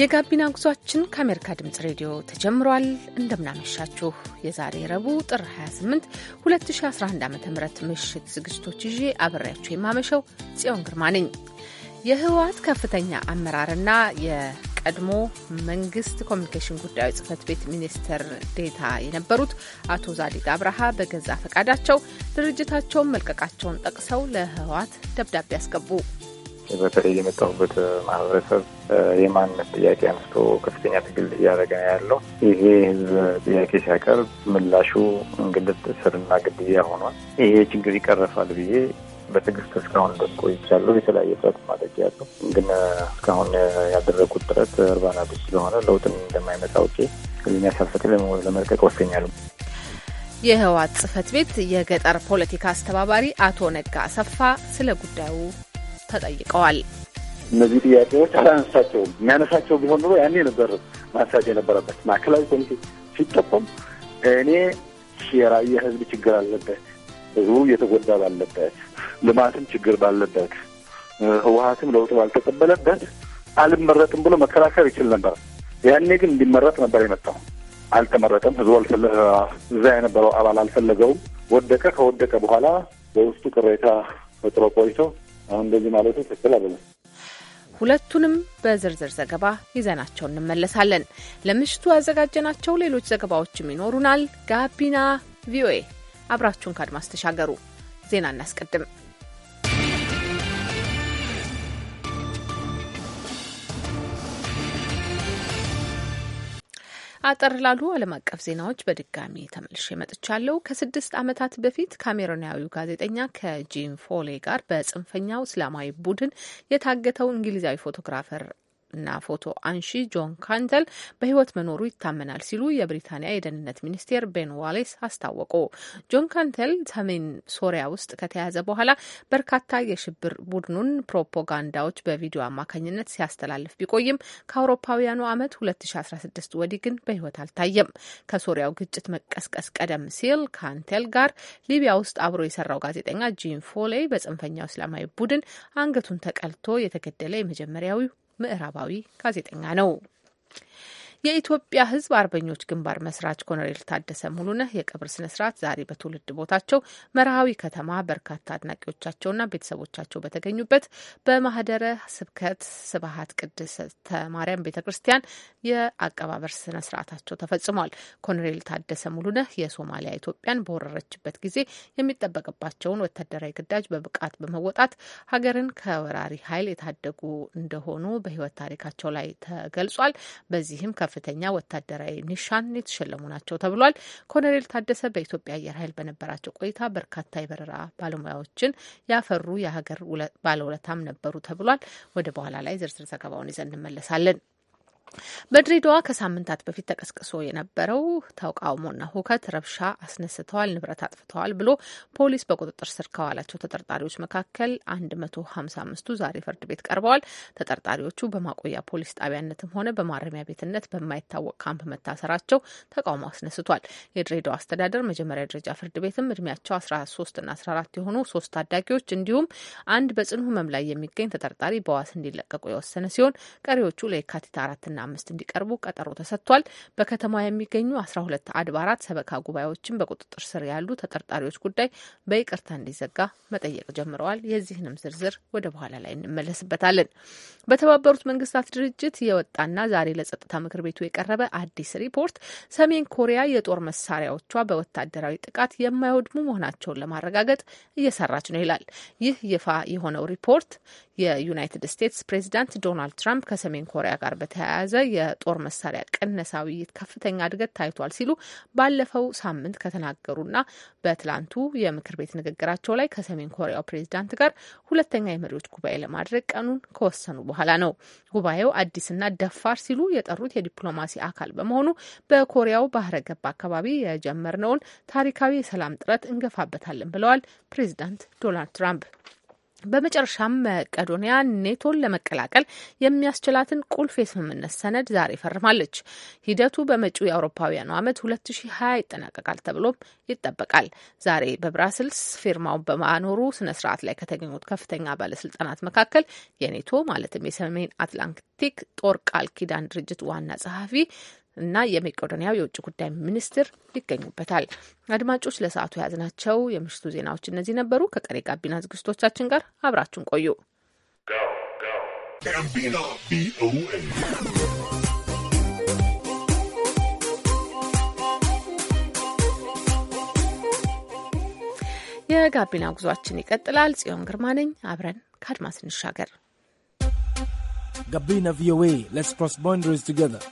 የጋቢና ጉዟችን ከአሜሪካ ድምጽ ሬዲዮ ተጀምሯል። እንደምናመሻችሁ የዛሬ ረቡዕ ጥር 28 2011 ዓ ም ምሽት ዝግጅቶች ይዤ አብሬያችሁ የማመሸው ጽዮን ግርማ ነኝ። የህወሓት ከፍተኛ አመራርና የቀድሞ መንግስት ኮሚኒኬሽን ጉዳዮች ጽህፈት ቤት ሚኒስትር ዴታ የነበሩት አቶ ዛዲግ አብርሃ በገዛ ፈቃዳቸው ድርጅታቸውን መልቀቃቸውን ጠቅሰው ለህወሓት ደብዳቤ አስገቡ። በተለይ የመጣሁበት ማህበረሰብ የማንነት ጥያቄ አንስቶ ከፍተኛ ትግል እያደረገ ነው ያለው። ይሄ ህዝብ ጥያቄ ሲያቀርብ ምላሹ እንግልት፣ እስርና ግድያ ሆኗል። ይሄ ችግር ይቀረፋል ብዬ በትዕግስት እስካሁን ቆይቻለሁ። የተለያየ ጥረት ማድረግ ያሉ ግን እስካሁን ያደረጉት ጥረት እርባና ቢስ ስለሆነ ለውጥን እንደማይመጣ አውቄ የሚያሳፍቅ ለመልቀቅ ወሰኛሉ። የህወሓት ጽህፈት ቤት የገጠር ፖለቲካ አስተባባሪ አቶ ነጋ አሰፋ ስለ ጉዳዩ ተጠይቀዋል። እነዚህ ጥያቄዎች አላነሳቸውም። የሚያነሳቸው ቢሆን ኑሮ ያኔ ነበር ማንሳት የነበረበት። ማዕከላዊ ኮሚቴ ሲጠቆም እኔ የራየ ህዝብ ችግር አለበት፣ ህዝቡ እየተጎዳ ባለበት ልማትም ችግር ባለበት ህወሀትም ለውጥ ባልተቀበለበት አልመረጥም ብሎ መከራከር ይችል ነበር። ያኔ ግን እንዲመረጥ ነበር የመጣው። አልተመረጠም። ህዝቡ እዛ የነበረው አባል አልፈለገውም። ወደቀ። ከወደቀ በኋላ በውስጡ ቅሬታ ፈጥሮ ቆይቶ አሁን እንደዚህ ማለቱ ትክክል አይደለም። ሁለቱንም በዝርዝር ዘገባ ይዘናቸው እንመለሳለን። ለምሽቱ ያዘጋጀናቸው ሌሎች ዘገባዎችም ይኖሩናል። ጋቢና ቪኦኤ አብራችሁን ከአድማስ ተሻገሩ። ዜና እናስቀድም። አጠር ላሉ ዓለም አቀፍ ዜናዎች በድጋሚ ተመልሼ መጥቻለሁ። ከስድስት ዓመታት በፊት ካሜሮናዊው ጋዜጠኛ ከጂም ፎሌ ጋር በጽንፈኛው እስላማዊ ቡድን የታገተው እንግሊዛዊ ፎቶግራፈር እና ፎቶ አንሺ ጆን ካንተል በህይወት መኖሩ ይታመናል ሲሉ የብሪታንያ የደህንነት ሚኒስቴር ቤን ዋሌስ አስታወቁ። ጆን ካንተል ሰሜን ሶሪያ ውስጥ ከተያዘ በኋላ በርካታ የሽብር ቡድኑን ፕሮፓጋንዳዎች በቪዲዮ አማካኝነት ሲያስተላልፍ ቢቆይም ከአውሮፓውያኑ ዓመት 2016 ወዲህ ግን በህይወት አልታየም። ከሶሪያው ግጭት መቀስቀስ ቀደም ሲል ካንቴል ጋር ሊቢያ ውስጥ አብሮ የሰራው ጋዜጠኛ ጂን ፎሌይ በጽንፈኛው እስላማዊ ቡድን አንገቱን ተቀልቶ የተገደለ የመጀመሪያዊው ምዕራባዊ ጋዜጠኛ ነው። የኢትዮጵያ ሕዝብ አርበኞች ግንባር መስራች ኮሎኔል ታደሰ ሙሉነህ የቀብር ስነ ስርዓት ዛሬ በትውልድ ቦታቸው መርሃዊ ከተማ በርካታ አድናቂዎቻቸውና ቤተሰቦቻቸው በተገኙበት በማህደረ ስብከት ስብሀት ቅድስተ ማርያም ቤተ ክርስቲያን የአቀባበር ስነ ስርዓታቸው ተፈጽሟል። ኮሎኔል ታደሰ ሙሉነህ የሶማሊያ ኢትዮጵያን በወረረችበት ጊዜ የሚጠበቅባቸውን ወታደራዊ ግዳጅ በብቃት በመወጣት ሀገርን ከወራሪ ኃይል የታደጉ እንደሆኑ በህይወት ታሪካቸው ላይ ተገልጿል። በዚህም ከፍ ከፍተኛ ወታደራዊ ኒሻን የተሸለሙ ናቸው ተብሏል። ኮሎኔል ታደሰ በኢትዮጵያ አየር ኃይል በነበራቸው ቆይታ በርካታ የበረራ ባለሙያዎችን ያፈሩ የሀገር ባለውለታም ነበሩ ተብሏል። ወደ በኋላ ላይ ዝርዝር ዘገባውን ይዘን እንመለሳለን። በድሬዳዋ ከሳምንታት በፊት ተቀስቅሶ የነበረው ተቃውሞና ሁከት ረብሻ አስነስተዋል፣ ንብረት አጥፍተዋል ብሎ ፖሊስ በቁጥጥር ስር ከዋላቸው ተጠርጣሪዎች መካከል 155ቱ ዛሬ ፍርድ ቤት ቀርበዋል። ተጠርጣሪዎቹ በማቆያ ፖሊስ ጣቢያነትም ሆነ በማረሚያ ቤትነት በማይታወቅ ካምፕ መታሰራቸው ተቃውሞ አስነስቷል። የድሬዳዋ አስተዳደር መጀመሪያ ደረጃ ፍርድ ቤትም እድሜያቸው 13ና 14 የሆኑ ሶስት ታዳጊዎች እንዲሁም አንድ በጽኑ ህመም ላይ የሚገኝ ተጠርጣሪ በዋስ እንዲለቀቁ የወሰነ ሲሆን ቀሪዎቹ ለየካቲት አራትና አምስት እንዲቀርቡ ቀጠሮ ተሰጥቷል። በከተማ የሚገኙ አስራ ሁለት አድባራት ሰበካ ጉባኤዎችን በቁጥጥር ስር ያሉ ተጠርጣሪዎች ጉዳይ በይቅርታ እንዲዘጋ መጠየቅ ጀምረዋል። የዚህንም ዝርዝር ወደ በኋላ ላይ እንመለስበታለን። በተባበሩት መንግስታት ድርጅት የወጣና ዛሬ ለጸጥታ ምክር ቤቱ የቀረበ አዲስ ሪፖርት ሰሜን ኮሪያ የጦር መሳሪያዎቿ በወታደራዊ ጥቃት የማይወድሙ መሆናቸውን ለማረጋገጥ እየሰራች ነው ይላል። ይህ ይፋ የሆነው ሪፖርት የዩናይትድ ስቴትስ ፕሬዚዳንት ዶናልድ ትራምፕ ከሰሜን ኮሪያ ጋር በተያያዘ የጦር መሳሪያ ቅነሳ ውይይት ከፍተኛ እድገት ታይቷል ሲሉ ባለፈው ሳምንት ከተናገሩና በትላንቱ የምክር ቤት ንግግራቸው ላይ ከሰሜን ኮሪያው ፕሬዚዳንት ጋር ሁለተኛ የመሪዎች ጉባኤ ለማድረግ ቀኑን ከወሰኑ በኋላ ነው። ጉባኤው አዲስና ደፋር ሲሉ የጠሩት የዲፕሎማሲ አካል በመሆኑ በኮሪያው ባህረ ገብ አካባቢ የጀመርነውን ታሪካዊ የሰላም ጥረት እንገፋበታለን ብለዋል ፕሬዚዳንት ዶናልድ ትራምፕ። በመጨረሻም መቄዶንያ ኔቶን ለመቀላቀል የሚያስችላትን ቁልፍ የስምምነት ሰነድ ዛሬ ፈርማለች። ሂደቱ በመጪው የአውሮፓውያኑ ዓመት 2020 ይጠናቀቃል ተብሎም ይጠበቃል። ዛሬ በብራስልስ ፊርማውን በማኖሩ ስነ ስርዓት ላይ ከተገኙት ከፍተኛ ባለስልጣናት መካከል የኔቶ ማለትም የሰሜን አትላንቲክ ጦር ቃል ኪዳን ድርጅት ዋና ጸሐፊ እና የመቄዶንያው የውጭ ጉዳይ ሚኒስትር ይገኙበታል። አድማጮች ለሰዓቱ የያዝናቸው የምሽቱ ዜናዎች እነዚህ ነበሩ። ከቀሪ ጋቢና ዝግጅቶቻችን ጋር አብራችሁን ቆዩ። የጋቢና ጉዟችን ይቀጥላል። ጽዮን ግርማ ነኝ። አብረን ከአድማስ እንሻገር። ጋቢና ቪኦኤ ሌትስ ክሮስ ባውንደሪስ ቱጌዘር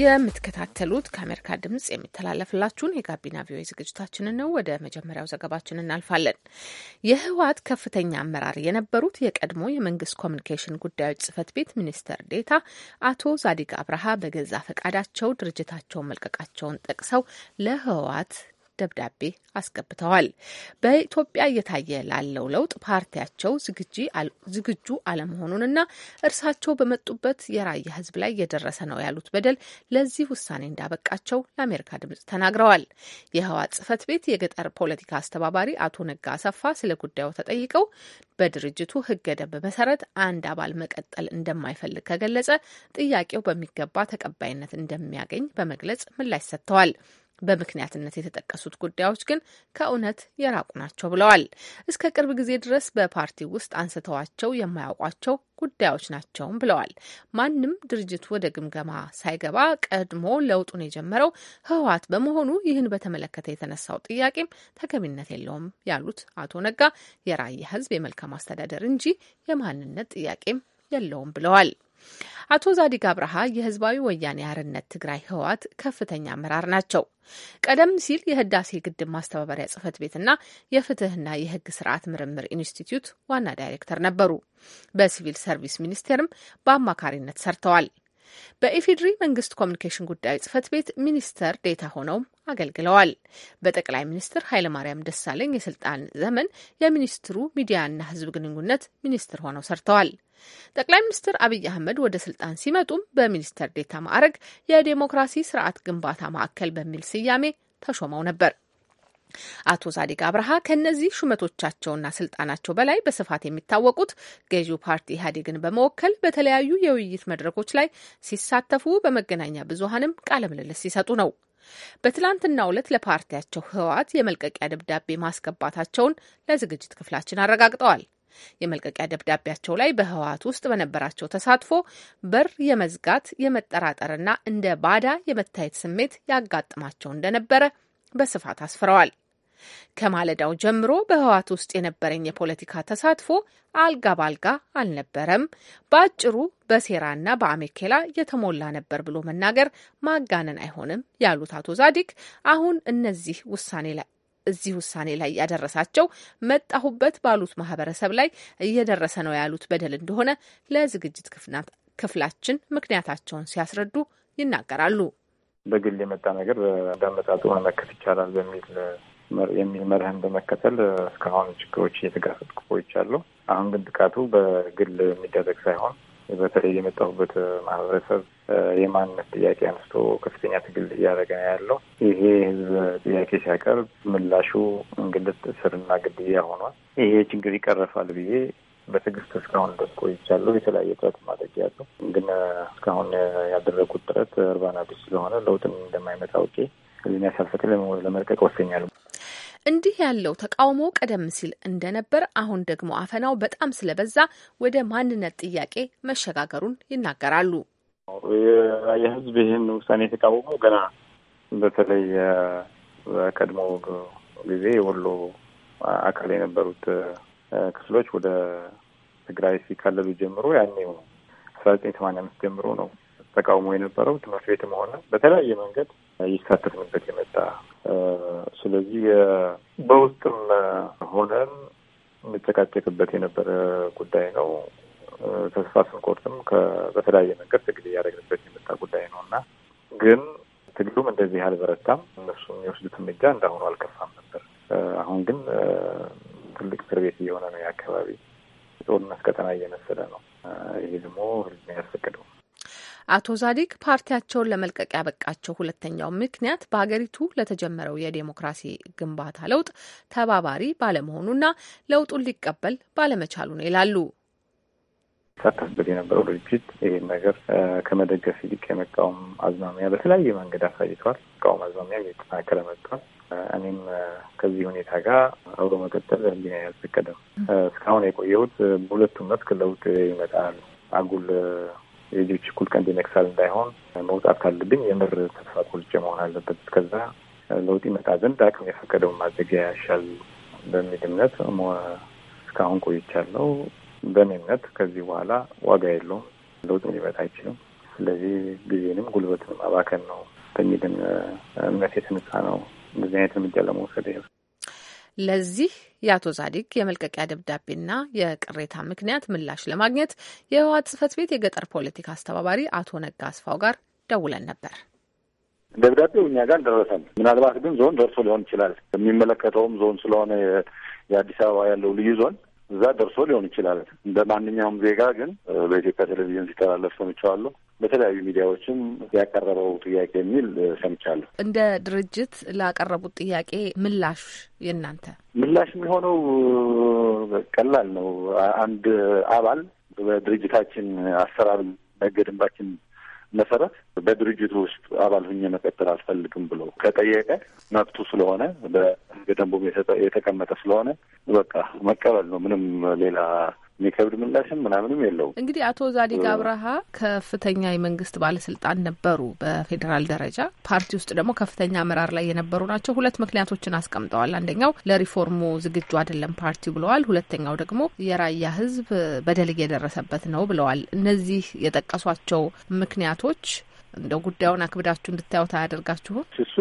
የምትከታተሉት ከአሜሪካ ድምጽ የሚተላለፍላችሁን የጋቢና ቪኦኤ ዝግጅታችንን ነው። ወደ መጀመሪያው ዘገባችን እናልፋለን። የህወሓት ከፍተኛ አመራር የነበሩት የቀድሞ የመንግስት ኮሚኒኬሽን ጉዳዮች ጽህፈት ቤት ሚኒስተር ዴታ አቶ ዛዲግ አብርሃ በገዛ ፈቃዳቸው ድርጅታቸውን መልቀቃቸውን ጠቅሰው ለህወሓት ደብዳቤ አስገብተዋል። በኢትዮጵያ እየታየ ላለው ለውጥ ፓርቲያቸው ዝግጁ አለመሆኑንና እርሳቸው በመጡበት የራያ ሕዝብ ላይ የደረሰ ነው ያሉት በደል ለዚህ ውሳኔ እንዳበቃቸው ለአሜሪካ ድምጽ ተናግረዋል። የህወሓት ጽህፈት ቤት የገጠር ፖለቲካ አስተባባሪ አቶ ነጋ አሰፋ ስለ ጉዳዩ ተጠይቀው በድርጅቱ ህገ ደንብ መሰረት አንድ አባል መቀጠል እንደማይፈልግ ከገለጸ ጥያቄው በሚገባ ተቀባይነት እንደሚያገኝ በመግለጽ ምላሽ ሰጥተዋል። በምክንያትነት የተጠቀሱት ጉዳዮች ግን ከእውነት የራቁ ናቸው ብለዋል። እስከ ቅርብ ጊዜ ድረስ በፓርቲ ውስጥ አንስተዋቸው የማያውቋቸው ጉዳዮች ናቸውም ብለዋል። ማንም ድርጅት ወደ ግምገማ ሳይገባ ቀድሞ ለውጡን የጀመረው ህወሓት በመሆኑ ይህን በተመለከተ የተነሳው ጥያቄም ተገቢነት የለውም ያሉት አቶ ነጋ የራያ ህዝብ የመልካም አስተዳደር እንጂ የማንነት ጥያቄም የለውም ብለዋል። አቶ ዛዲግ አብርሃ የህዝባዊ ወያኔ አርነት ትግራይ ህወሓት ከፍተኛ አመራር ናቸው። ቀደም ሲል የህዳሴ ግድብ ማስተባበሪያ ጽህፈት ቤትና የፍትህና የህግ ስርዓት ምርምር ኢንስቲትዩት ዋና ዳይሬክተር ነበሩ። በሲቪል ሰርቪስ ሚኒስቴርም በአማካሪነት ሰርተዋል። በኢፌዴሪ መንግስት ኮሚኒኬሽን ጉዳዮች ጽህፈት ቤት ሚኒስተር ዴታ ሆነውም አገልግለዋል። በጠቅላይ ሚኒስትር ኃይለማርያም ደሳለኝ የስልጣን ዘመን የሚኒስትሩ ሚዲያና ሕዝብ ግንኙነት ሚኒስትር ሆነው ሰርተዋል። ጠቅላይ ሚኒስትር አብይ አህመድ ወደ ስልጣን ሲመጡም በሚኒስትር ዴታ ማዕረግ የዴሞክራሲ ስርዓት ግንባታ ማዕከል በሚል ስያሜ ተሾመው ነበር። አቶ ዛዲግ አብርሃ ከእነዚህ ሹመቶቻቸውና ስልጣናቸው በላይ በስፋት የሚታወቁት ገዢው ፓርቲ ኢህአዴግን በመወከል በተለያዩ የውይይት መድረኮች ላይ ሲሳተፉ በመገናኛ ብዙሀንም ቃለ ምልልስ ሲሰጡ ነው። በትላንትናው ዕለት ለፓርቲያቸው ህወሓት የመልቀቂያ ደብዳቤ ማስገባታቸውን ለዝግጅት ክፍላችን አረጋግጠዋል። የመልቀቂያ ደብዳቤያቸው ላይ በህወሓት ውስጥ በነበራቸው ተሳትፎ በር የመዝጋት የመጠራጠርና እንደ ባዳ የመታየት ስሜት ያጋጥማቸው እንደነበረ በስፋት አስፍረዋል። ከማለዳው ጀምሮ በህወሓት ውስጥ የነበረኝ የፖለቲካ ተሳትፎ አልጋ ባልጋ አልነበረም። በአጭሩ በሴራና በአሜኬላ የተሞላ ነበር ብሎ መናገር ማጋነን አይሆንም ያሉት አቶ ዛዲግ አሁን እነዚህ ውሳኔ ላይ እዚህ ውሳኔ ላይ ያደረሳቸው መጣሁበት ባሉት ማህበረሰብ ላይ እየደረሰ ነው ያሉት በደል እንደሆነ ለዝግጅት ክፍላችን ምክንያታቸውን ሲያስረዱ ይናገራሉ። በግል የመጣ ነገር በዳመጣጡ መመከት ይቻላል በሚል የሚል መርህን በመከተል እስካሁን ችግሮች እየተጋፈጥኩ ቆይቻለሁ። አሁን ግን ጥቃቱ በግል የሚደረግ ሳይሆን በተለይ የመጣሁበት ማህበረሰብ የማንነት ጥያቄ አንስቶ ከፍተኛ ትግል እያደረገ ነው ያለው። ይሄ ህዝብ ጥያቄ ሲያቀርብ ምላሹ እንግልት፣ እስርና ግድያ ሆኗል። ይሄ ችግር ይቀረፋል ብዬ በትዕግስት እስካሁን ድረስ ቆይቻለሁ። የተለያየ ጥረት ማድረግ ያለው ግን እስካሁን ያደረጉት ጥረት እርባና ቢስ ስለሆነ ለውጥ እንደማይመጣ አውቄ እዚህ የሚያሳፍቅ ለመልቀቅ ወሰኛለሁ። እንዲህ ያለው ተቃውሞ ቀደም ሲል እንደነበር፣ አሁን ደግሞ አፈናው በጣም ስለበዛ ወደ ማንነት ጥያቄ መሸጋገሩን ይናገራሉ። የህዝብ ይህን ውሳኔ የተቃወመው ገና በተለይ በቀድሞ ጊዜ የወሎ አካል የነበሩት ክፍሎች ወደ ትግራይ ሲካለሉ ጀምሮ ያኔው አስራ ዘጠኝ ሰማንያ አምስት ጀምሮ ነው ተቃውሞ የነበረው። ትምህርት ቤትም ሆነ በተለያየ መንገድ እየተሳተፍንበት የመጣ ስለዚህ በውስጥም ሆነን የሚጨቃጨቅበት የነበረ ጉዳይ ነው። ተስፋ ስንቆርጥም በተለያየ መንገድ ትግል እያደረግንበት የመጣ ጉዳይ ነው እና ግን ትግሉም እንደዚህ አልበረታም። እነሱ የሚወስዱት እርምጃ እንዳሁኑ አልከፋም ነበር። አሁን ግን ትልቅ እስር ቤት እየሆነ ነው። የአካባቢ ጦርነት ቀጠና እየመሰለ ነው። ይሄ ደግሞ ያስፈቅደው አቶ ዛዲግ ፓርቲያቸውን ለመልቀቅ ያበቃቸው ሁለተኛው ምክንያት በሀገሪቱ ለተጀመረው የዴሞክራሲ ግንባታ ለውጥ ተባባሪ ባለመሆኑና ለውጡን ሊቀበል ባለመቻሉ ነው ይላሉ። ሳተፍበት የነበረው ድርጅት ይህን ነገር ከመደገፍ ይልቅ የመቃወም አዝማሚያ በተለያየ መንገድ አሳይተዋል። መቃወም አዝማሚያ እየተጠናከረ መጥቷል። እኔም ከዚህ ሁኔታ ጋር አብሮ መቀጠል ህሊና ያልፈቀደም። እስካሁን የቆየሁት በሁለቱም መስክ ለውጥ ይመጣል አጉል የልጆች እኩል ቀንድ ይነግሳል እንዳይሆን መውጣት ካለብኝ የምር ተስፋ ቆርጬ መሆን አለበት። እስከዛ ለውጥ ይመጣ ዘንድ አቅም የፈቀደውን ማዘጊያ ያሻል በሚል እምነት እስካሁን ቆይቻለሁ። በእኔ እምነት ከዚህ በኋላ ዋጋ የለውም፣ ለውጥ ሊመጣ አይችልም። ስለዚህ ጊዜንም ጉልበትንም አባከን ነው በሚል እምነት የተነሳ ነው እንደዚህ አይነት እርምጃ ለመውሰድ ይል ለዚህ የአቶ ዛዲግ የመልቀቂያ ደብዳቤና የቅሬታ ምክንያት ምላሽ ለማግኘት የህወሓት ጽህፈት ቤት የገጠር ፖለቲካ አስተባባሪ አቶ ነጋ አስፋው ጋር ደውለን ነበር። ደብዳቤው እኛ ጋር ደረሰን ምናልባት ግን ዞን ደርሶ ሊሆን ይችላል። የሚመለከተውም ዞን ስለሆነ የአዲስ አበባ ያለው ልዩ ዞን እዛ ደርሶ ሊሆን ይችላል። እንደ ማንኛውም ዜጋ ግን በኢትዮጵያ ቴሌቪዥን ሲተላለፍ ሰምቼዋለሁ። በተለያዩ ሚዲያዎችም ያቀረበው ጥያቄ የሚል ሰምቻለሁ። እንደ ድርጅት ላቀረቡት ጥያቄ ምላሽ የእናንተ ምላሽ የሚሆነው ቀላል ነው። አንድ አባል በድርጅታችን አሰራር ሕገ ደንባችን መሰረት በድርጅቱ ውስጥ አባል ሁኜ መቀጠል አልፈልግም ብሎ ከጠየቀ መብቱ ስለሆነ በሕገ ደንቡም የተቀመጠ ስለሆነ በቃ መቀበል ነው። ምንም ሌላ የሚከብድ ምላሽም ምናምንም የለውም። እንግዲህ አቶ ዛዲግ አብርሃ ከፍተኛ የመንግስት ባለስልጣን ነበሩ በፌዴራል ደረጃ ፓርቲ ውስጥ ደግሞ ከፍተኛ አመራር ላይ የነበሩ ናቸው። ሁለት ምክንያቶችን አስቀምጠዋል። አንደኛው ለሪፎርሙ ዝግጁ አይደለም ፓርቲው ብለዋል። ሁለተኛው ደግሞ የራያ ህዝብ በደል እየደረሰበት ነው ብለዋል። እነዚህ የጠቀሷቸው ምክንያቶች እንደው ጉዳዩን አክብዳችሁ እንድታዩት አያደርጋችሁም? እሱ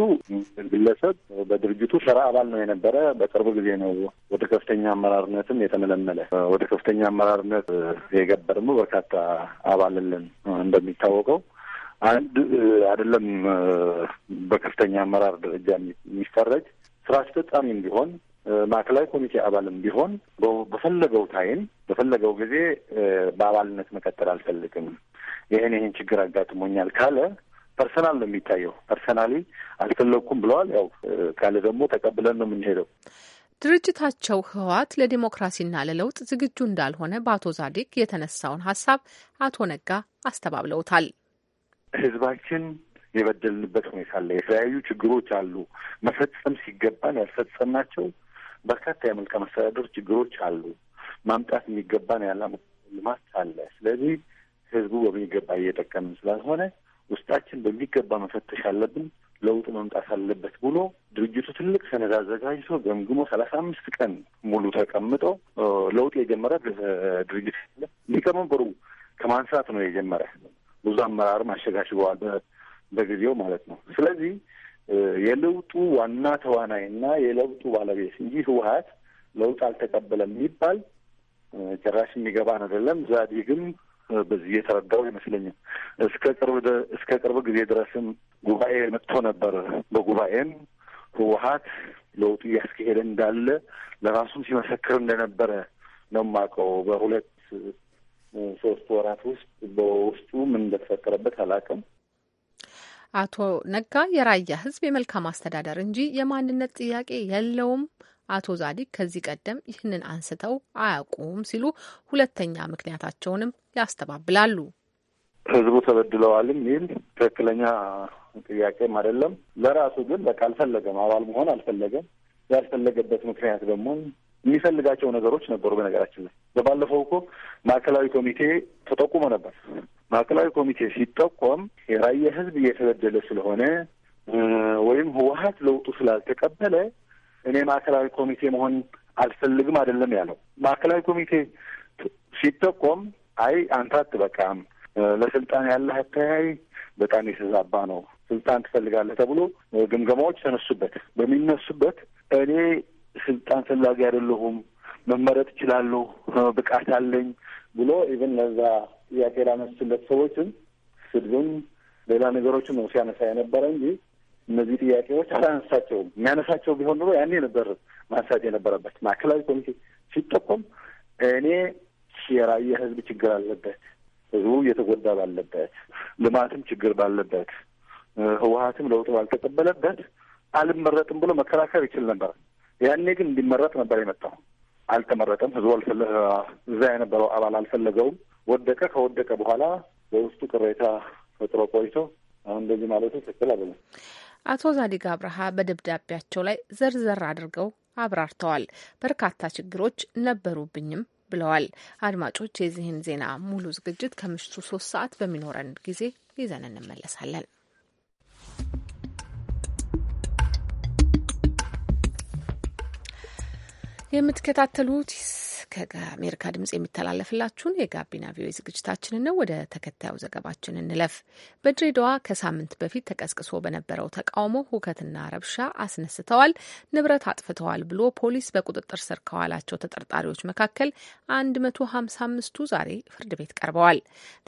ግለሰብ በድርጅቱ ስራ አባል ነው የነበረ። በቅርብ ጊዜ ነው ወደ ከፍተኛ አመራርነትም የተመለመለ። ወደ ከፍተኛ አመራርነት የገባ ደግሞ በርካታ አባል እንደሚታወቀው አንድ አይደለም በከፍተኛ አመራር ደረጃ የሚፈረጅ ስራ አስፈጻሚም ቢሆን ማዕከላዊ ኮሚቴ አባልም ቢሆን በፈለገው ታይም በፈለገው ጊዜ በአባልነት መቀጠል አልፈልግም ይህን ይህን ችግር አጋጥሞኛል ካለ ፐርሰናል ነው የሚታየው። ፐርሰናሊ አልፈለኩም ብለዋል። ያው ካለ ደግሞ ተቀብለን ነው የምንሄደው። ድርጅታቸው ህወሓት ለዲሞክራሲና ለለውጥ ዝግጁ እንዳልሆነ በአቶ ዛዲግ የተነሳውን ሀሳብ አቶ ነጋ አስተባብለውታል። ህዝባችን የበደልንበት ሁኔታ አለ። የተለያዩ ችግሮች አሉ። መፈጸም ሲገባን ያልፈጸምናቸው በርካታ የመልካም አስተዳደር ችግሮች አሉ። ማምጣት የሚገባን ያለ ልማት አለ። ስለዚህ ህዝቡ በሚገባ እየጠቀምን ስላልሆነ ውስጣችን በሚገባ መፈተሽ አለብን፣ ለውጥ መምጣት አለበት ብሎ ድርጅቱ ትልቅ ሰነድ አዘጋጅቶ ገምግሞ ሰላሳ አምስት ቀን ሙሉ ተቀምጦ ለውጥ የጀመረ ድርጅት ሊቀመንበሩ ከማንሳት ነው የጀመረ። ብዙ አመራርም አሸጋሽበዋል በጊዜው ማለት ነው። ስለዚህ የለውጡ ዋና ተዋናይና የለውጡ ባለቤት እንጂ ህወሀት ለውጥ አልተቀበለም የሚባል ጭራሽ የሚገባን አይደለም። ዛዲግም በዚህ የተረዳው ይመስለኛል። እስከ ቅርብ እስከ ቅርብ ጊዜ ድረስም ጉባኤ መጥቶ ነበር። በጉባኤም ህወሀት ለውጡ እያስካሄደ እንዳለ ለራሱም ሲመሰክር እንደነበረ ነው የማውቀው። በሁለት ሶስት ወራት ውስጥ በውስጡ ምን እንደተፈጠረበት አላውቅም። አቶ ነጋ የራያ ህዝብ የመልካም አስተዳደር እንጂ የማንነት ጥያቄ የለውም አቶ ዛዲግ ከዚህ ቀደም ይህንን አንስተው አያውቁም ሲሉ ሁለተኛ ምክንያታቸውንም ያስተባብላሉ። ህዝቡ ተበድለዋል የሚል ትክክለኛ ጥያቄም አይደለም። ለራሱ ግን በቃ አልፈለገም፣ አባል መሆን አልፈለገም። ያልፈለገበት ምክንያት ደግሞ የሚፈልጋቸው ነገሮች ነበሩ። በነገራችን ላይ በባለፈው እኮ ማዕከላዊ ኮሚቴ ተጠቁሞ ነበር። ማዕከላዊ ኮሚቴ ሲጠቆም የራየ ህዝብ እየተበደለ ስለሆነ ወይም ህወሀት ለውጡ ስላልተቀበለ እኔ ማዕከላዊ ኮሚቴ መሆን አልፈልግም አይደለም ያለው። ማዕከላዊ ኮሚቴ ሲጠቆም አይ አንተ አትበቃም፣ ለስልጣን ያለህ አተያይ በጣም የተዛባ ነው፣ ስልጣን ትፈልጋለህ ተብሎ ግምገማዎች ተነሱበት። በሚነሱበት እኔ ስልጣን ፈላጊ አይደለሁም፣ መመረጥ እችላለሁ፣ ብቃት አለኝ ብሎ ኢቨን ለዛ ጥያቄ ላነሱለት ሰዎችም ስድብም ሌላ ነገሮችም ነው ሲያነሳ የነበረ እንጂ እነዚህ ጥያቄዎች አላነሳቸውም። የሚያነሳቸው ቢሆን ኑሮ ያኔ ነበር ማንሳት የነበረበት። ማዕከላዊ ኮሚቴ ሲጠቆም እኔ የራያ ህዝብ ችግር አለበት፣ ህዝቡ እየተጎዳ ባለበት፣ ልማትም ችግር ባለበት፣ ህወሀትም ለውጥ ባልተቀበለበት አልመረጥም ብሎ መከራከር ይችል ነበር። ያኔ ግን እንዲመረጥ ነበር የመጣው። አልተመረጠም። ህዝቡ እዛ የነበረው አባል አልፈለገውም። ወደቀ። ከወደቀ በኋላ በውስጡ ቅሬታ ፈጥሮ ቆይቶ አሁን እንደዚህ ማለቱ ትክክል አይደለም። አቶ ዛዲግ አብርሃ በደብዳቤያቸው ላይ ዘርዘር አድርገው አብራርተዋል። በርካታ ችግሮች ነበሩብኝም ብለዋል። አድማጮች፣ የዚህን ዜና ሙሉ ዝግጅት ከምሽቱ ሶስት ሰዓት በሚኖረን ጊዜ ይዘን እንመለሳለን። የምትከታተሉት ከአሜሪካ ድምጽ የሚተላለፍላችሁን የጋቢና ቪኦኤ ዝግጅታችንን ነው። ወደ ተከታዩ ዘገባችን እንለፍ። በድሬዳዋ ከሳምንት በፊት ተቀስቅሶ በነበረው ተቃውሞ ሁከትና ረብሻ አስነስተዋል፣ ንብረት አጥፍተዋል ብሎ ፖሊስ በቁጥጥር ስር ከዋላቸው ተጠርጣሪዎች መካከል 155ቱ ዛሬ ፍርድ ቤት ቀርበዋል።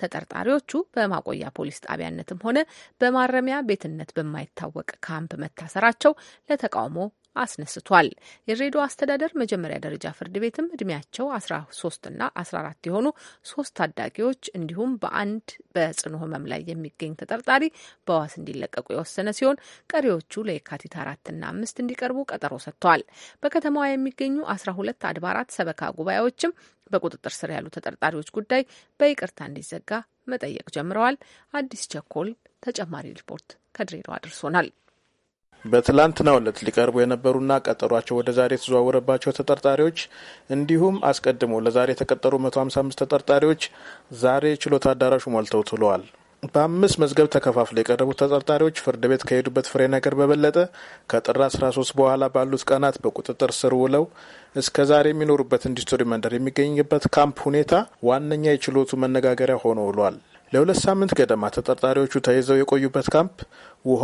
ተጠርጣሪዎቹ በማቆያ ፖሊስ ጣቢያነትም ሆነ በማረሚያ ቤትነት በማይታወቅ ካምፕ መታሰራቸው ለተቃውሞ አስነስቷል። የድሬዳዋ አስተዳደር መጀመሪያ ደረጃ ፍርድ ቤትም እድሜያቸው 13 እና 14 የሆኑ ሶስት ታዳጊዎች እንዲሁም በአንድ በጽኑ ህመም ላይ የሚገኝ ተጠርጣሪ በዋስ እንዲለቀቁ የወሰነ ሲሆን ቀሪዎቹ ለየካቲት አራትና አምስት እንዲቀርቡ ቀጠሮ ሰጥተዋል። በከተማዋ የሚገኙ 12 አድባራት ሰበካ ጉባኤዎችም በቁጥጥር ስር ያሉ ተጠርጣሪዎች ጉዳይ በይቅርታ እንዲዘጋ መጠየቅ ጀምረዋል። አዲስ ቸኮል ተጨማሪ ሪፖርት ከድሬዳዋ አድርሶናል። በትላንትናው ዕለት ሊቀርቡ የነበሩና ቀጠሯቸው ወደ ዛሬ የተዘዋወረባቸው ተጠርጣሪዎች እንዲሁም አስቀድሞ ለዛሬ የተቀጠሩ 155 ተጠርጣሪዎች ዛሬ ችሎት አዳራሹ ሞልተው ትለዋል። በአምስት መዝገብ ተከፋፍለ የቀረቡት ተጠርጣሪዎች ፍርድ ቤት ከሄዱበት ፍሬ ነገር በበለጠ ከጥር 13 በኋላ ባሉት ቀናት በቁጥጥር ስር ውለው እስከ ዛሬ የሚኖሩበት ኢንዱስትሪ መንደር የሚገኝበት ካምፕ ሁኔታ ዋነኛ የችሎቱ መነጋገሪያ ሆኖ ውሏል። ለሁለት ሳምንት ገደማ ተጠርጣሪዎቹ ተይዘው የቆዩበት ካምፕ ውሃ፣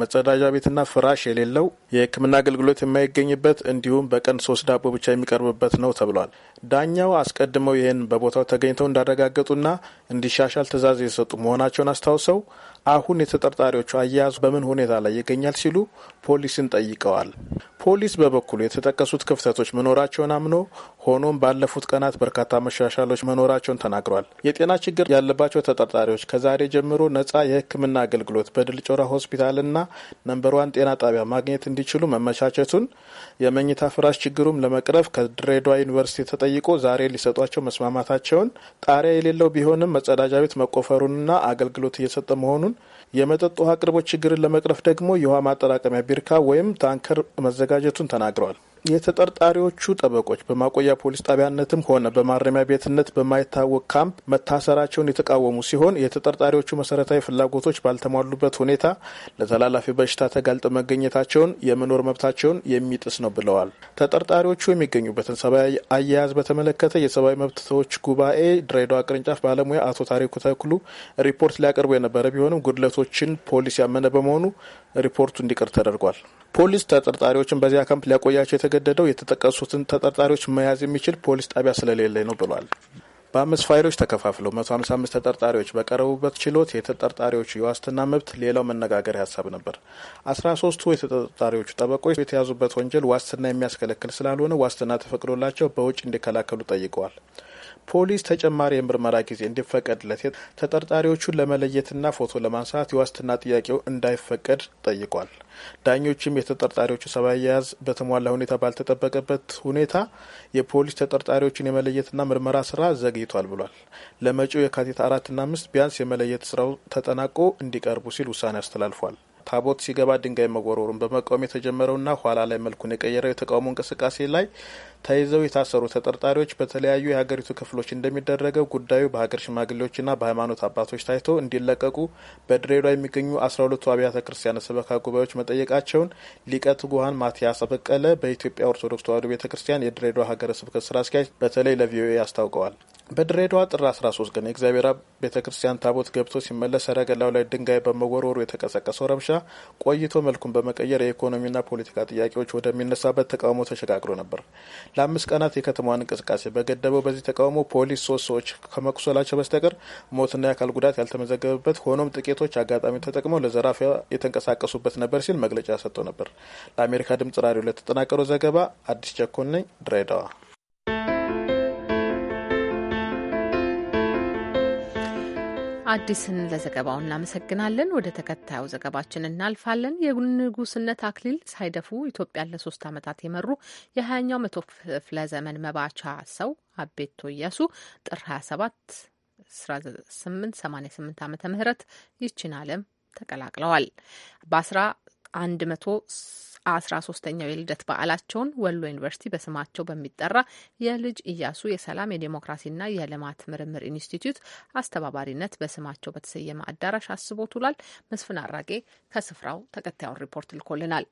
መጸዳጃ ቤትና ፍራሽ የሌለው የሕክምና አገልግሎት የማይገኝበት እንዲሁም በቀን ሶስት ዳቦ ብቻ የሚቀርብበት ነው ተብሏል። ዳኛው አስቀድመው ይህን በቦታው ተገኝተው እንዳረጋገጡና እንዲሻሻል ትዕዛዝ የሰጡ መሆናቸውን አስታውሰው አሁን የተጠርጣሪዎቹ አያያዙ በምን ሁኔታ ላይ ይገኛል ሲሉ ፖሊስን ጠይቀዋል። ፖሊስ በበኩሉ የተጠቀሱት ክፍተቶች መኖራቸውን አምኖ ሆኖም ባለፉት ቀናት በርካታ መሻሻሎች መኖራቸውን ተናግሯል። የጤና ችግር ያለባቸው ተጠርጣሪዎች ከዛሬ ጀምሮ ነጻ የሕክምና አገልግሎት በድል ጮራ ሆስፒታልና ነንበሯን ዋን ጤና ጣቢያ ማግኘት እንዲችሉ መመቻቸቱን፣ የመኝታ ፍራሽ ችግሩም ለመቅረፍ ከድሬዳዋ ዩኒቨርሲቲ ተጠይቆ ዛሬ ሊሰጧቸው መስማማታቸውን፣ ጣሪያ የሌለው ቢሆንም መጸዳጃ ቤት መቆፈሩንና አገልግሎት እየሰጠ መሆኑን የመጠጥ ውሃ አቅርቦት ችግርን ለመቅረፍ ደግሞ የውሃ ማጠራቀሚያ ቢርካ ወይም ታንከር መዘጋጀቱን ተናግረዋል። የተጠርጣሪዎቹ ጠበቆች በማቆያ ፖሊስ ጣቢያነትም ሆነ በማረሚያ ቤትነት በማይታወቅ ካምፕ መታሰራቸውን የተቃወሙ ሲሆን የተጠርጣሪዎቹ መሰረታዊ ፍላጎቶች ባልተሟሉበት ሁኔታ ለተላላፊ በሽታ ተጋልጠው መገኘታቸውን የመኖር መብታቸውን የሚጥስ ነው ብለዋል። ተጠርጣሪዎቹ የሚገኙበትን ሰብአዊ አያያዝ በተመለከተ የሰብአዊ መብቶች ጉባኤ ድሬዳዋ ቅርንጫፍ ባለሙያ አቶ ታሪኩ ተክሉ ሪፖርት ሊያቀርቡ የነበረ ቢሆንም ጉድለቶችን ፖሊስ ያመነ በመሆኑ ሪፖርቱ እንዲቀር ተደርጓል። ፖሊስ ተጠርጣሪዎችን በዚያ ካምፕ ሊያቆያቸው የተገደደው የተጠቀሱትን ተጠርጣሪዎች መያዝ የሚችል ፖሊስ ጣቢያ ስለሌለ ነው ብሏል። በአምስት ፋይሎች ተከፋፍለው መቶ ሀምሳ አምስት ተጠርጣሪዎች በቀረቡበት ችሎት የተጠርጣሪዎቹ የዋስትና መብት ሌላው መነጋገሪያ ሀሳብ ነበር። አስራ ሶስቱ የተጠርጣሪዎቹ ጠበቆች የተያዙበት ወንጀል ዋስትና የሚያስከለክል ስላልሆነ ዋስትና ተፈቅዶላቸው በውጭ እንዲከላከሉ ጠይቀዋል። ፖሊስ ተጨማሪ የምርመራ ጊዜ እንዲፈቀድለት ተጠርጣሪዎቹን ለመለየትና ፎቶ ለማንሳት የዋስትና ጥያቄው እንዳይፈቀድ ጠይቋል። ዳኞችም የተጠርጣሪዎቹ ሰባ አያያዝ በተሟላ ሁኔታ ባልተጠበቀበት ሁኔታ የፖሊስ ተጠርጣሪዎችን የመለየትና ምርመራ ስራ ዘግይቷል ብሏል። ለመጪው የካቲት አራትና አምስት ቢያንስ የመለየት ስራው ተጠናቆ እንዲቀርቡ ሲል ውሳኔ አስተላልፏል። ታቦት ሲገባ ድንጋይ መወረሩን በመቃወም የተጀመረውና ኋላ ላይ መልኩን የቀየረው የተቃውሞ እንቅስቃሴ ላይ ተይዘው የታሰሩ ተጠርጣሪዎች በተለያዩ የሀገሪቱ ክፍሎች እንደሚደረገው ጉዳዩ በሀገር ሽማግሌዎችና በሃይማኖት አባቶች ታይቶ እንዲለቀቁ በድሬዳዋ የሚገኙ አስራ ሁለቱ አብያተ ክርስቲያን ሰበካ ጉባኤዎች መጠየቃቸውን ሊቀ ትጉሃን ማቲያስ በቀለ በኢትዮጵያ ኦርቶዶክስ ተዋሕዶ ቤተ ክርስቲያን የድሬዳዋ ሀገረ ስብከት ስራ አስኪያጅ በተለይ ለቪኦኤ አስታውቀዋል። በድሬዳዋ ጥር 13 ቀን የእግዚአብሔር አብ ቤተ ክርስቲያን ታቦት ገብቶ ሲመለስ ሰረገላው ላይ ድንጋይ በመወርወሩ የተቀሰቀሰው ረብሻ ቆይቶ መልኩን በመቀየር የኢኮኖሚና ፖለቲካ ጥያቄዎች ወደሚነሳበት ተቃውሞ ተሸጋግሮ ነበር። ለአምስት ቀናት የከተማዋን እንቅስቃሴ በገደበው በዚህ ተቃውሞ ፖሊስ ሶስት ሰዎች ከመቁሰላቸው በስተቀር ሞትና የአካል ጉዳት ያልተመዘገበበት፣ ሆኖም ጥቂቶች አጋጣሚ ተጠቅመው ለዘራፊ የተንቀሳቀሱበት ነበር ሲል መግለጫ ሰጥቶ ነበር። ለአሜሪካ ድምጽ ራዲዮ ለተጠናቀረው ዘገባ አዲስ ቸኮን ነኝ ድሬዳዋ አዲስን ለዘገባው እናመሰግናለን። ወደ ተከታዩ ዘገባችን እናልፋለን። የንጉስነት አክሊል ሳይደፉ ኢትዮጵያን ለሶስት ዓመታት የመሩ የሀያኛው መቶ ክፍለ ዘመን መባቻ ሰው አቤቶ እያሱ ጥር 27 1888 ዓመተ ምህረት ይችን ዓለም ተቀላቅለዋል በ በ11 አስራ ሶስተኛው የልደት በዓላቸውን ወሎ ዩኒቨርሲቲ በስማቸው በሚጠራ የልጅ እያሱ የሰላም የዴሞክራሲና የልማት ምርምር ኢንስቲትዩት አስተባባሪነት በስማቸው በተሰየመ አዳራሽ አስቦ ውሏል። መስፍን አራጌ ከስፍራው ተከታዩን ሪፖርት ልኮልናል።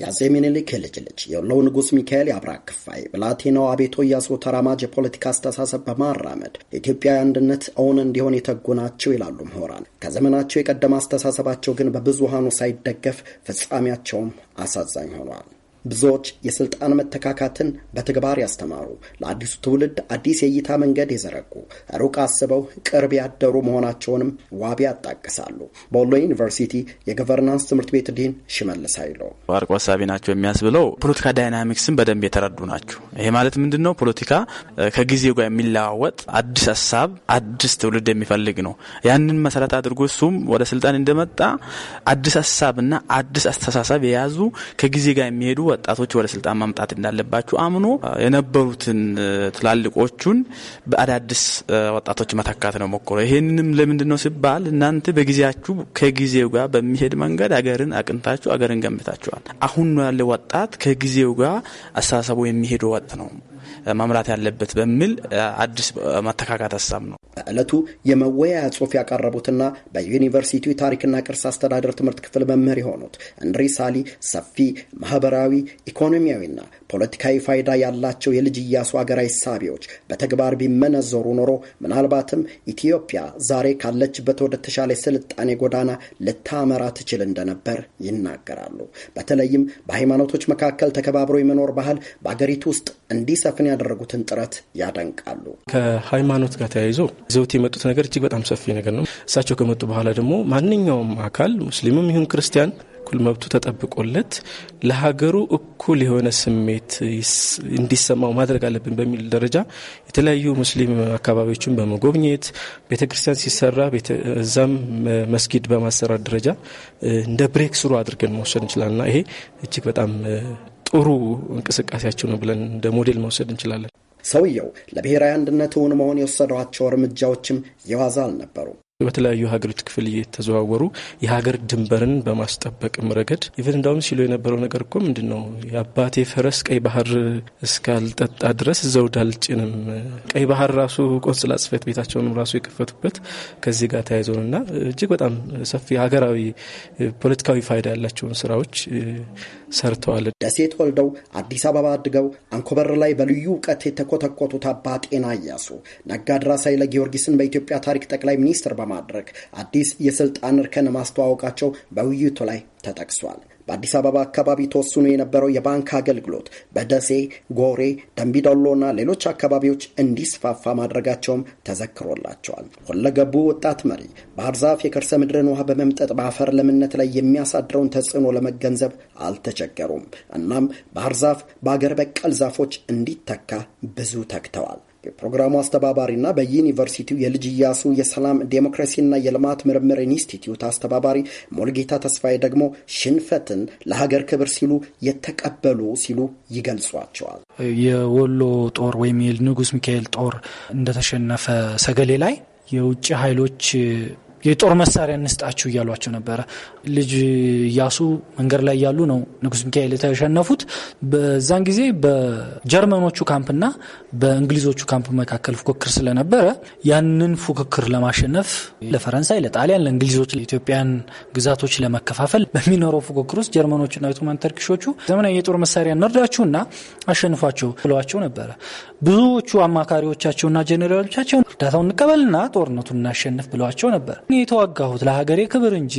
የአጼ ምኒልክ ልጅ ልጅ የወሎው ንጉሥ ሚካኤል የአብራ ክፋይ ብላቴናው አቤቶ እያሱ ተራማጅ የፖለቲካ አስተሳሰብ በማራመድ ኢትዮጵያ አንድነት እውን እንዲሆን የተጉ ናቸው ይላሉ ምሁራን። ከዘመናቸው የቀደመ አስተሳሰባቸው ግን በብዙሃኑ ሳይደገፍ ፍጻሜያቸውም አሳዛኝ ሆኗል። ብዙዎች የስልጣን መተካካትን በተግባር ያስተማሩ፣ ለአዲሱ ትውልድ አዲስ የእይታ መንገድ የዘረጉ፣ ሩቅ አስበው ቅርብ ያደሩ መሆናቸውንም ዋቢ ያጣቅሳሉ። በወሎ ዩኒቨርሲቲ የገቨርናንስ ትምህርት ቤት ዲን ሽመልስ አይለው አርቆ ሀሳቢ ናቸው የሚያስብለው ፖለቲካ ዳይናሚክስን በደንብ የተረዱ ናቸው። ይሄ ማለት ምንድን ነው? ፖለቲካ ከጊዜ ጋር የሚለዋወጥ አዲስ ሀሳብ አዲስ ትውልድ የሚፈልግ ነው። ያንን መሰረት አድርጎ እሱም ወደ ስልጣን እንደመጣ አዲስ ሀሳብና አዲስ አስተሳሰብ የያዙ ከጊዜ ጋር የሚሄዱ ወጣቶች ወደ ስልጣን ማምጣት እንዳለባቸው አምኖ የነበሩትን ትላልቆቹን በአዳዲስ ወጣቶች መተካት ነው ሞክሮ። ይህንንም ለምንድን ነው ሲባል እናንተ በጊዜያችሁ ከጊዜው ጋር በሚሄድ መንገድ አገርን አቅንታችሁ አገርን ገንብታችኋል። አሁን ነው ያለ ወጣት ከጊዜው ጋር አስተሳሰቡ የሚሄደው ወጥ ነው መምራት ያለበት በሚል አዲስ መተካካት ሀሳብ ነው በዕለቱ የመወያያ ጽሑፍ ያቀረቡትና በዩኒቨርሲቲው የታሪክና ቅርስ አስተዳደር ትምህርት ክፍል መምህር የሆኑት እንድሪ ሳሊ ሰፊ ማህበራዊ ኢኮኖሚያዊና ፖለቲካዊ ፋይዳ ያላቸው የልጅ እያሱ ሀገራዊ ሳቢዎች በተግባር ቢመነዘሩ ኖሮ ምናልባትም ኢትዮጵያ ዛሬ ካለችበት ወደ ተሻለ ስልጣኔ ጎዳና ልታመራ ትችል እንደነበር ይናገራሉ። በተለይም በሃይማኖቶች መካከል ተከባብሮ የመኖር ባህል በአገሪቱ ውስጥ እንዲሰፍን ያደረጉትን ጥረት ያደንቃሉ። ከሃይማኖት ጋር ተያይዞ ዘውት የመጡት ነገር እጅግ በጣም ሰፊ ነገር ነው። እሳቸው ከመጡ በኋላ ደግሞ ማንኛውም አካል ሙስሊምም ይሁን ክርስቲያን እኩል መብቱ ተጠብቆለት ለሀገሩ እኩል የሆነ ስሜት እንዲሰማው ማድረግ አለብን በሚል ደረጃ የተለያዩ ሙስሊም አካባቢዎችን በመጎብኘት ቤተክርስቲያን ሲሰራ እዛም መስጊድ በማሰራት ደረጃ እንደ ብሬክ ስሩ አድርገን መውሰድ እንችላልና ይሄ እጅግ በጣም ጥሩ እንቅስቃሴያቸው ነው ብለን እንደ ሞዴል መውሰድ እንችላለን። ሰውየው ለብሔራዊ አንድነት እውን መሆን የወሰዷቸው እርምጃዎችም የዋዛ አልነበሩም። በተለያዩ ሀገሪቱ ክፍል እየተዘዋወሩ የሀገር ድንበርን በማስጠበቅም ረገድ ኢቨን እንዳውም ሲሉ የነበረው ነገር እኮ ምንድን ነው የአባቴ ፈረስ ቀይ ባህር እስካልጠጣ ድረስ ዘውድ አልጭንም። ቀይ ባህር ራሱ ቆንስላ ጽፈት ቤታቸውንም ራሱ የከፈቱበት ከዚህ ጋር ተያይዘው እና እጅግ በጣም ሰፊ ሀገራዊ ፖለቲካዊ ፋይዳ ያላቸውን ስራዎች ሰርተዋል። ደሴ ተወልደው አዲስ አበባ አድገው አንኮበር ላይ በልዩ እውቀት የተኮተኮቱት አባ ጤና እያሱ ነጋድራስ ኃይለ ጊዮርጊስን በኢትዮጵያ ታሪክ ጠቅላይ ሚኒስትር በማድረግ አዲስ የስልጣን እርከን ማስተዋወቃቸው በውይይቱ ላይ ተጠቅሷል። በአዲስ አበባ አካባቢ ተወስኖ የነበረው የባንክ አገልግሎት በደሴ፣ ጎሬ፣ ደንቢዶሎና ሌሎች አካባቢዎች እንዲስፋፋ ማድረጋቸውም ተዘክሮላቸዋል። ሁለገቡ ወጣት መሪ ባህር ዛፍ የከርሰ ምድርን ውሃ በመምጠጥ በአፈር ለምነት ላይ የሚያሳድረውን ተጽዕኖ ለመገንዘብ አልተቸገሩም። እናም ባህር ዛፍ በአገር በቀል ዛፎች እንዲተካ ብዙ ተግተዋል። የፕሮግራሙ አስተባባሪና በዩኒቨርሲቲው የልጅ እያሱ የሰላም ዴሞክራሲና የልማት ምርምር ኢንስቲትዩት አስተባባሪ ሞልጌታ ተስፋዬ ደግሞ ሽንፈትን ለሀገር ክብር ሲሉ የተቀበሉ ሲሉ ይገልጿቸዋል። የወሎ ጦር ወይም የንጉስ ሚካኤል ጦር እንደተሸነፈ ሰገሌ ላይ የውጭ ኃይሎች የጦር መሳሪያ እንስጣችሁ እያሏቸው ነበረ። ልጅ እያሱ መንገድ ላይ ያሉ ነው ንጉስ ሚካኤል የተሸነፉት። በዛን ጊዜ በጀርመኖቹ ካምፕና በእንግሊዞቹ ካምፕ መካከል ፉክክር ስለነበረ ያንን ፉክክር ለማሸነፍ ለፈረንሳይ፣ ለጣሊያን፣ ለእንግሊዞች ለኢትዮጵያን ግዛቶች ለመከፋፈል በሚኖረው ፉክክር ውስጥ ጀርመኖችና ኦቶማን ተርኪሾቹ ዘመናዊ የጦር መሳሪያ እንርዳችሁና አሸንፏቸው ብለዋቸው ነበረ። ብዙዎቹ አማካሪዎቻቸውና ጄኔራሎቻቸው እርዳታው እንቀበልና ጦርነቱን እናሸንፍ ብለዋቸው ነበር። የተዋጋሁት ለሀገሬ ክብር እንጂ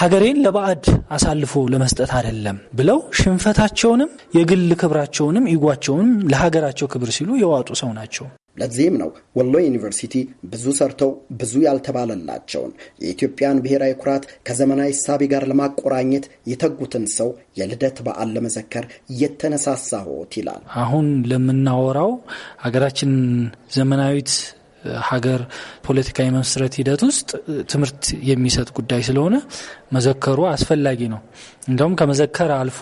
ሀገሬን ለባዕድ አሳልፎ ለመስጠት አይደለም ብለው ሽንፈታቸውንም የግል ክብራቸውንም ኢጓቸውንም ለሀገራቸው ክብር ሲሉ የዋጡ ሰው ናቸው። ለዚህም ነው ወሎ ዩኒቨርሲቲ ብዙ ሰርተው ብዙ ያልተባለላቸውን የኢትዮጵያን ብሔራዊ ኩራት ከዘመናዊ ሳቢ ጋር ለማቆራኘት የተጉትን ሰው የልደት በዓል ለመዘከር የተነሳሳሁት ይላል። አሁን ለምናወራው ሀገራችን ዘመናዊት ሀገር ፖለቲካዊ መመስረት ሂደት ውስጥ ትምህርት የሚሰጥ ጉዳይ ስለሆነ መዘከሩ አስፈላጊ ነው። እንደውም ከመዘከር አልፎ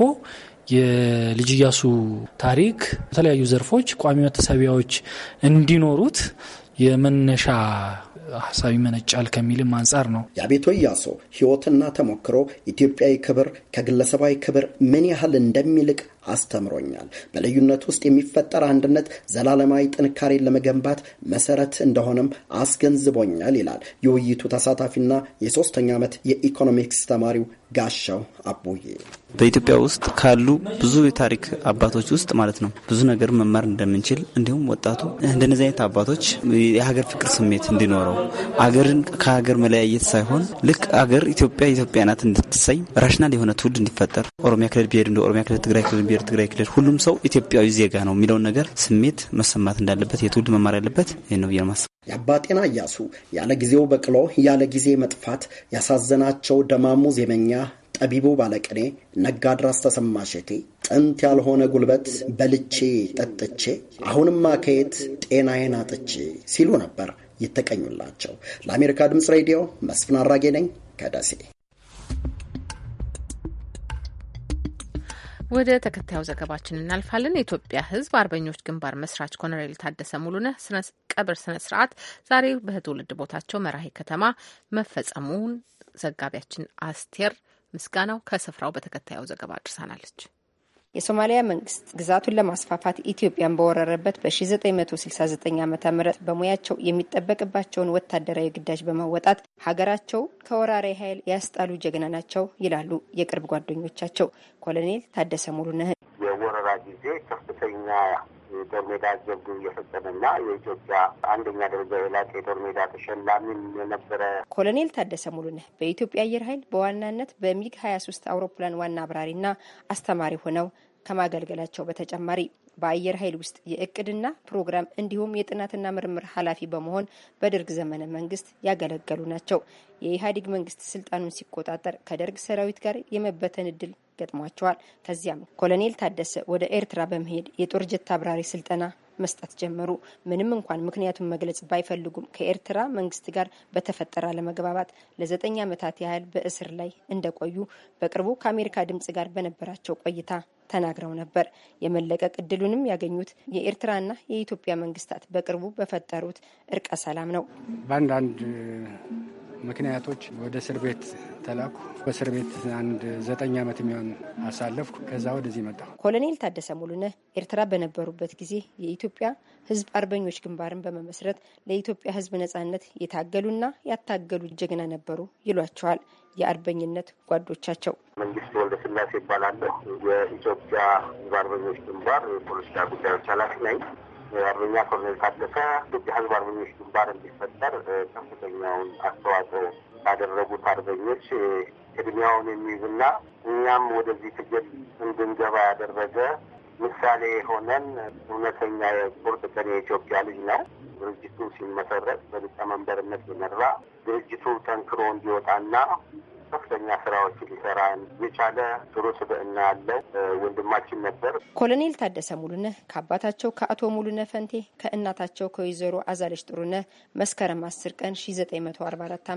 የልጅ ኢያሱ ታሪክ በተለያዩ ዘርፎች ቋሚ መታሰቢያዎች እንዲኖሩት የመነሻ ሀሳብ ይመነጫል ከሚልም አንጻር ነው። የአቤቶ ኢያሱ ህይወትና ተሞክሮ ኢትዮጵያዊ ክብር ከግለሰባዊ ክብር ምን ያህል እንደሚልቅ አስተምሮኛል። በልዩነት ውስጥ የሚፈጠር አንድነት ዘላለማዊ ጥንካሬን ለመገንባት መሰረት እንደሆነም አስገንዝቦኛል ይላል የውይይቱ ተሳታፊና የሶስተኛ ዓመት የኢኮኖሚክስ ተማሪው ጋሻው አቦዬ። በኢትዮጵያ ውስጥ ካሉ ብዙ የታሪክ አባቶች ውስጥ ማለት ነው ብዙ ነገር መማር እንደምንችል እንዲሁም ወጣቱ እንደነዚህ አይነት አባቶች የሀገር ፍቅር ስሜት እንዲኖረው አገርን ከሀገር መለያየት ሳይሆን ልክ አገር ኢትዮጵያ ኢትዮጵያ ናት እንድትሰኝ ራሽናል የሆነ ትውልድ እንዲፈጠር ኦሮሚያ ክልል ብሄድ እንደ ኦሮሚያ ክልል፣ ትግራይ ክልል ብሔር ትግራይ ክልል ሁሉም ሰው ኢትዮጵያዊ ዜጋ ነው የሚለውን ነገር ስሜት መሰማት እንዳለበት የትውልድ መማር ያለበት ይህ ነው ብዬ ማስብ የአባ ጤና እያሱ ያለ ጊዜው በቅሎ ያለ ጊዜ መጥፋት ያሳዘናቸው ደማሙ ዜመኛ ጠቢቡ ባለቅኔ ነጋድራስ ሸቴ ጥንት ያልሆነ ጉልበት በልቼ ጠጥቼ አሁንማ ከየት ጤናዬን አጥቼ ሲሉ ነበር ይተቀኙላቸው። ለአሜሪካ ድምፅ ሬዲዮ መስፍን አራጌ ነኝ ከደሴ። ወደ ተከታዩ ዘገባችን እናልፋለን። የኢትዮጵያ ሕዝብ አርበኞች ግንባር መስራች ኮሎኔል ታደሰ ሙሉነህ ቀብር ስነ ስርዓት ዛሬ በትውልድ ቦታቸው መራሄ ከተማ መፈጸሙን ዘጋቢያችን አስቴር ምስጋናው ከስፍራው በተከታዩ ዘገባ አድርሳናለች። የሶማሊያ መንግስት ግዛቱን ለማስፋፋት ኢትዮጵያን በወረረበት በ1969 ዓ ም በሙያቸው የሚጠበቅባቸውን ወታደራዊ ግዳጅ በመወጣት ሀገራቸው ከወራሪ ኃይል ያስጣሉ ጀግና ናቸው ይላሉ የቅርብ ጓደኞቻቸው ኮሎኔል ታደሰ ሙሉነህን የወረራ ጊዜ ከፍተኛ የጦር ሜዳ ጀብዱ እየፈጸመና የኢትዮጵያ አንደኛ ደረጃ የላቀ የጦር ሜዳ ተሸላሚ የነበረ ኮሎኔል ታደሰ ሙሉነህ በኢትዮጵያ አየር ኃይል በዋናነት በሚግ ሀያ ሶስት አውሮፕላን ዋና አብራሪና አስተማሪ ሆነው ከማገልገላቸው በተጨማሪ በአየር ኃይል ውስጥ የእቅድና ፕሮግራም እንዲሁም የጥናትና ምርምር ኃላፊ በመሆን በደርግ ዘመነ መንግስት ያገለገሉ ናቸው። የኢህአዴግ መንግስት ስልጣኑን ሲቆጣጠር ከደርግ ሰራዊት ጋር የመበተን እድል ገጥሟቸዋል። ከዚያም ኮሎኔል ታደሰ ወደ ኤርትራ በመሄድ የጦር ጀት አብራሪ ስልጠና መስጠት ጀመሩ። ምንም እንኳን ምክንያቱን መግለጽ ባይፈልጉም ከኤርትራ መንግስት ጋር በተፈጠረ አለመግባባት ለዘጠኝ ዓመታት ያህል በእስር ላይ እንደቆዩ በቅርቡ ከአሜሪካ ድምጽ ጋር በነበራቸው ቆይታ ተናግረው ነበር። የመለቀቅ እድሉንም ያገኙት የኤርትራና የኢትዮጵያ መንግስታት በቅርቡ በፈጠሩት እርቀ ሰላም ነው። በአንዳንድ ምክንያቶች ወደ እስር ቤት ተላኩ። በእስር ቤት አንድ ዘጠኝ ዓመት የሚሆን አሳለፍኩ። ከዛ ወደዚህ መጣሁ። ኮሎኔል ታደሰ ሙሉነህ ኤርትራ በነበሩበት ጊዜ የኢትዮጵያ ሕዝብ አርበኞች ግንባርን በመመስረት ለኢትዮጵያ ሕዝብ ነጻነት የታገሉና ያታገሉ ጀግና ነበሩ ይሏቸዋል የአርበኝነት ጓዶቻቸው። መንግስት ወልደስላሴ ይባላለሁ። የኢትዮጵያ ሕዝብ አርበኞች ግንባር የፖለቲካ ጉዳዮች ኃላፊ ነኝ። የአርበኛ ኮሎኔል ታደሰ ኢትዮጵያ ህዝብ አርበኞች ግንባር እንዲፈጠር ከፍተኛውን አስተዋጽኦ ባደረጉት አርበኞች እድሜያውን የሚይዝና እኛም ወደዚህ ትግል እንድንገባ ያደረገ ምሳሌ የሆነን እውነተኛ የቁርጥ ቀን የኢትዮጵያ ልጅ ነው። ድርጅቱ ሲመሰረት በሊቀመንበርነት የመራ ድርጅቱ ጠንክሮ እንዲወጣና ከፍተኛ ስራዎች ሊሰራ የቻለ ጥሩ ስብዕና ያለ ወንድማችን ነበር። ኮሎኔል ታደሰ ሙሉነህ ከአባታቸው ከአቶ ሙሉነህ ፈንቴ ከእናታቸው ከወይዘሮ አዛለች ጥሩነህ መስከረም አስር ቀን ሺ ዘጠኝ መቶ አርባ አራት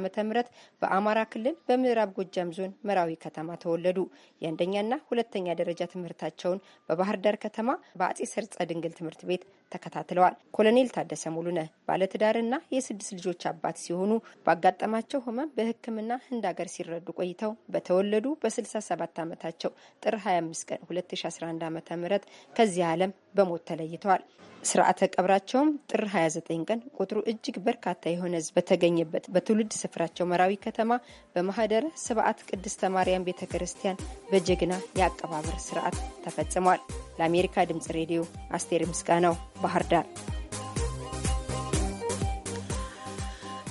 በአማራ ክልል በምዕራብ ጎጃም ዞን መራዊ ከተማ ተወለዱ። የአንደኛና ሁለተኛ ደረጃ ትምህርታቸውን በባህር ዳር ከተማ በአጼ ሰርጸ ድንግል ትምህርት ቤት ተከታትለዋል። ኮሎኔል ታደሰ ሙሉነ ባለትዳርና የስድስት ልጆች አባት ሲሆኑ ባጋጠማቸው ህመም በሕክምና ህንድ ሀገር ሲረዱ ቆይተው በተወለዱ በ67 ዓመታቸው ጥር 25 ቀን 2011 ዓ ም ከዚህ ዓለም በሞት ተለይተዋል። ስርዓተ ቀብራቸውም ጥር 29 ቀን ቁጥሩ እጅግ በርካታ የሆነ ህዝብ በተገኘበት በትውልድ ስፍራቸው መራዊ ከተማ በማህደረ ስብዓት ቅድስተ ማርያም ቤተ ክርስቲያን በጀግና የአቀባበር ስርዓት ተፈጽሟል። ለአሜሪካ ድምፅ ሬዲዮ አስቴር ምስጋናው ባህር ዳር።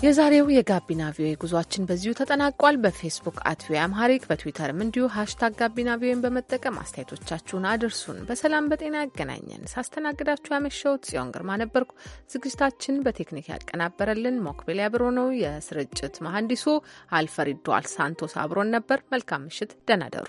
የዛሬው የጋቢና ቪኦኤ ጉዟችን በዚሁ ተጠናቋል። በፌስቡክ አት ቪኦኤ አምሃሪክ በትዊተርም እንዲሁ ሀሽታግ ጋቢና ቪኦኤን በመጠቀም አስተያየቶቻችሁን አድርሱን። በሰላም በጤና ያገናኘን። ሳስተናግዳችሁ ያመሸውት ጽዮን ግርማ ነበርኩ። ዝግጅታችን በቴክኒክ ያቀናበረልን ሞክቤል ያብሮ ነው። የስርጭት መሐንዲሱ አልፈሪዶ አልሳንቶስ አብሮን ነበር። መልካም ምሽት፣ ደህና ደሩ።